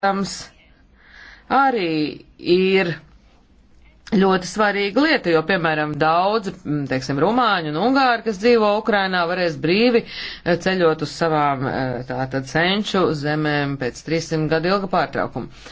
protams, arī ir ļoti svarīga lieta, jo, piemēram, daudzi, mm, teiksim, rumāņi un ungāri, kas dzīvo Ukrainā, varēs brīvi eh, ceļot uz savām eh, tātad senču zemēm pēc 300 gadu ilga pārtraukuma.